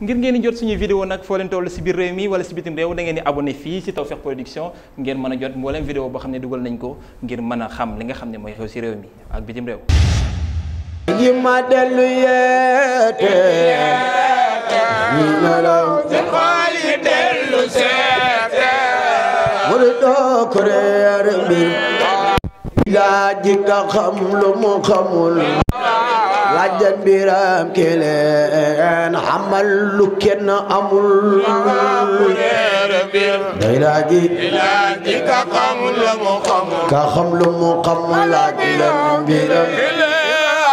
ngir ngeen di jot suñuy vidéo nag foo leen toll biir réew mi wala si bitim réew da ngeen di abonné fii si Tawfekh Production ngeen mën a jot mbooleem vidéo boo xam ne dugal nañ ko ngir mën a xam li nga xam ne mooy xew si réew mi ak bitim réew yi ma xam lu mu xamul xajjan biram keleen xamal lu kenn amul day laaji ka xam lu mu xamul ka xam lu mu xamul laaj lam biram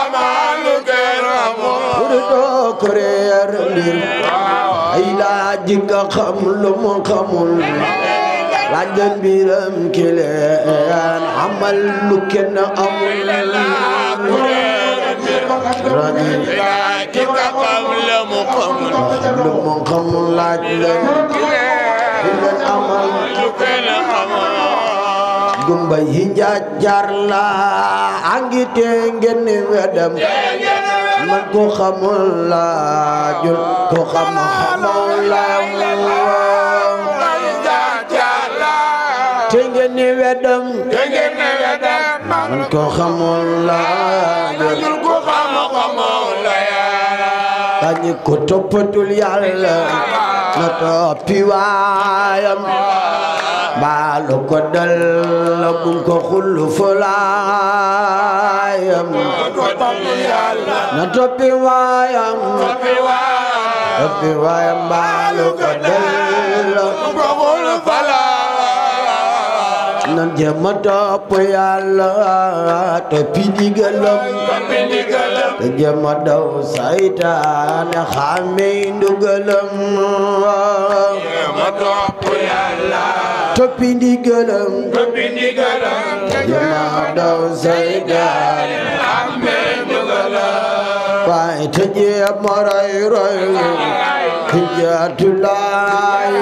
amalu kenn amul pour doo ko réer mbir ay laaji ka xam lu mu xamul laajjan biram keleen xamal lu kenn amul رجيم حياتك قبل مقام قبل مقام لاجل إلى الأمل كل أمل جنبا هنجا جارلا أنجي تنجن ودم من كو خمول لا جل كو خمول لا te ngeen ni weddam man ko xamul laa añi ko toppatul yàlla na toppi waayam baalu ko dal la gum ko xullu fulaayam na toppi waayam toppi waayam baalu ko dal la gum ko xullu fulaayam nan jéema topp yàlla toppi ndigalam te jéema daw saytaane xàmmee ndugalam jéema topp yàlla toppi ndigalam toppi ndigalam te jéema daw saytaane xàmmee ndugalam waaye te jéema roy roy ki jaatulaay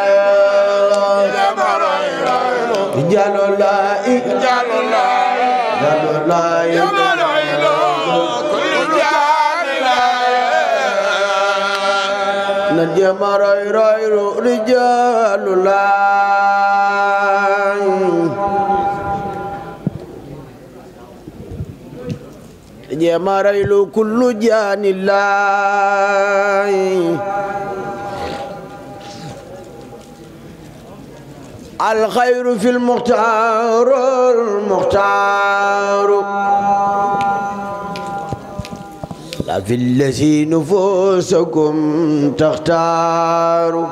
جلو لا جلو لا جلو لا كل جلو نجم روي روي رجال لا نجم روي كل جان الله الخير في المختار المختار لا في الذي نفوسكم تختار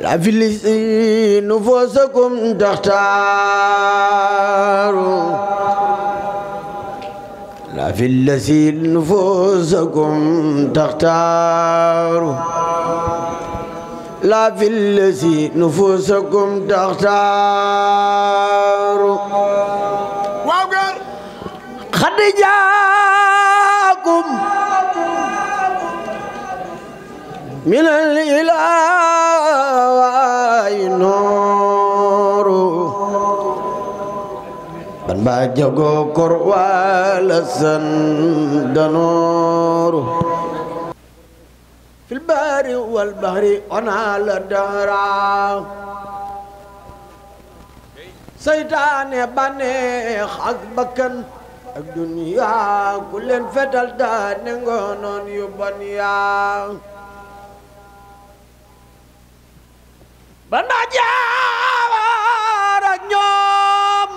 لا في الذي نفوسكم تختار لا في الذي نفوسكم تختار لا في الذي نفوسكم تختار قد جاءكم من الإله نور بن باجو كروال سندنور في البحر والبحر أنا لدرا سيطان بني خذبكن الدنيا كل فتل دانغون يبنيا بنا جاوار نيوم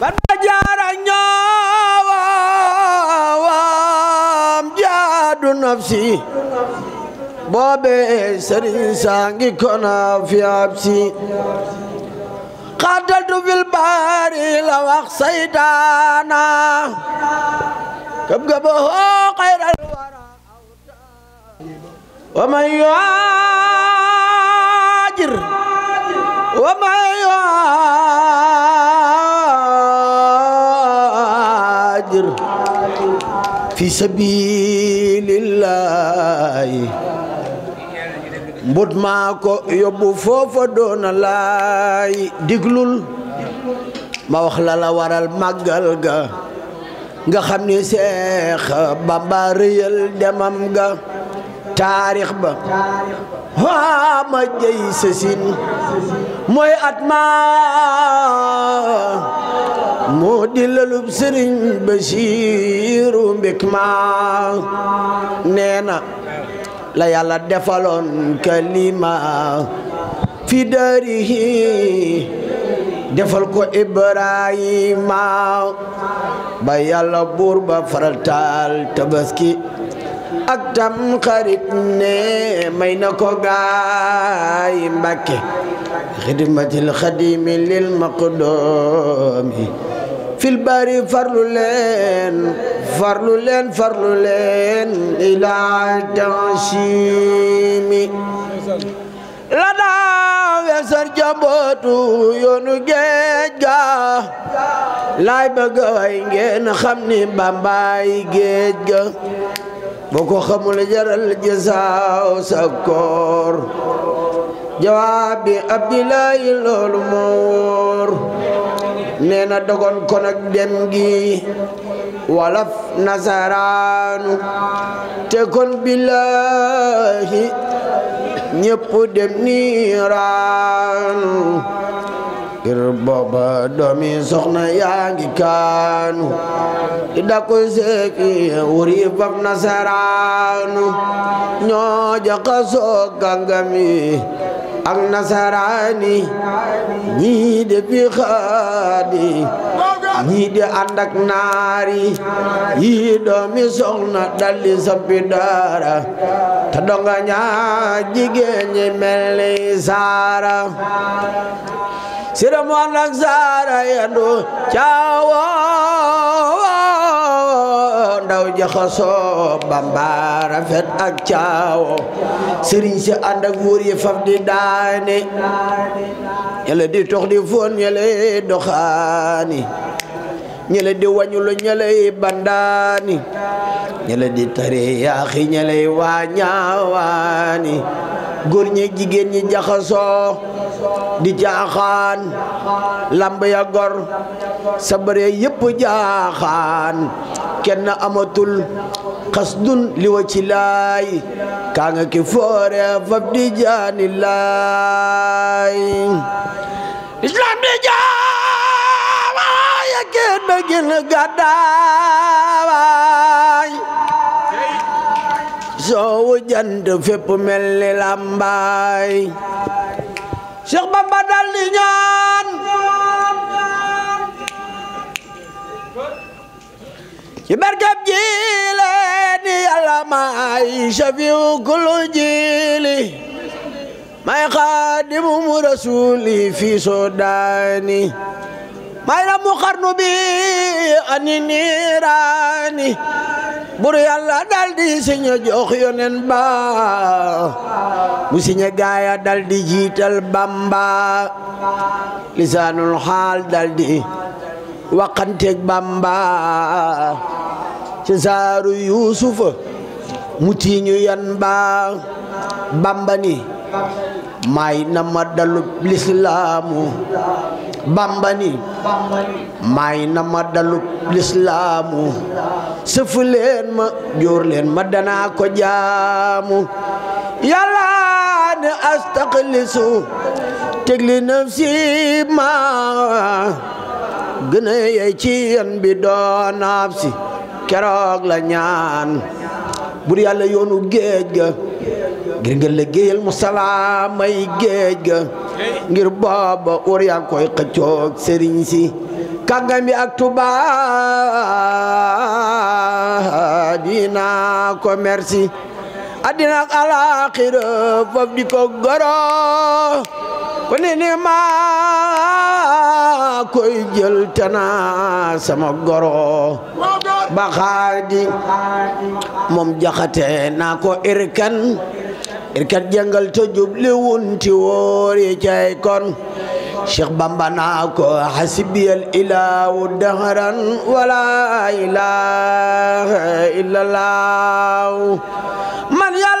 بنا جاوار نيوم nafsi boobe sëriñ saangi ko naafi absi qataltu fil baari la wax saytaana kab gabo hoo xayral wara wa man yuhaajir wa man yuhaajir fi sabiil billaahi mbut maa ko yóbbu foofa doona laay diglul ma wax la waral màggal ga nga xam ni seex bamba rëyal demam ga taarix ba waa ma jëy sësin mooy at maa moo di lalub sëriñ Basiiru mbik ma nee la yàlla defaloon kalima fi darihi defal ko Ibrahima ba yàlla buur ba tabaski ak tam xarit ne may na ko gaay Mbàkke xidmatil xadimi lil maqdoomi fil bari farlu leen farlu leen farlu leen ila tanchimi la daa wesar jambootu yoonu géej ga laay bëgg way ngeen xam ni bambaay géej ga boo ko xamul jaral jësaaw sa koor jawaabi abdilaay loolu moo nee na dogon kon ak dem gi walaf nasaraanu te kon billahi ñëpp dem niiraanu ngir booba doomi soxna yaa ngi kaanu di dakoy seeki wuri faf nasaraanu ñoo jaxasoo gàngami ak nasaraani ñii de bi xaadi de ànd naari yii doomi soxna dalli sappi daara te donga ñaa jigéen mel ni saara sira mu ànd ak saara yendu caawa ndaw jaxasoo bamba rafet ak caawo sëriñ si ànd ak wuur yi faf di daane ñele di tox di foon ñele doxaani ñele di wañulu ñeley bandaani ñele di tari yaaxi ñeley waa ñaawaani góor ñi jigéen ñi jaxasoo di jaaxaan lamb ya gor sa jaaxaan kenn amatul xasdun li wa ci lay kaa nga ki foore fab di jaani laay islam di jaawaay a kenn ba gën gàddaawaay soowu jant fépp mel ni lambaay Cheikh Bamba dal di ñaan ci barkeb jiile ni yàlla may shafiu kullu jiili may xaadimu rasuli fi sodani may ramu xarnu bi ani niiraani bur yàlla daldi siñe jox yonen ba mu siñe gaaya daldi jiital bamba lisaanul xaal daldi waqanteeg bamba ci saaru yuusufa mu tiiñu yan ba bamba ni may na ma dalub lislaamu bambani may na ma dalub lislaamu sëf leen ma jóor ma danaa ko jaamu yàlla ne astaqlisu tegli nafsi ma gën a yey ci yan bi doonaab si keroog la ñaan bur yàlla yoonu géej ga ngir nga liggéeyal mu salaamay géej ga ngir booba wër koy xëccoog sëriñ si kàngam yi ak Tuubaa dina ko merci àddina ak foof di ko goro ku ne maa koy jël tana sama goro ba xaadi moom jaxate naa ko irkan ir kat jàngal te juble wunti woori cay kon Cheikh Bamba naa ko dahran wala ilaaha illallah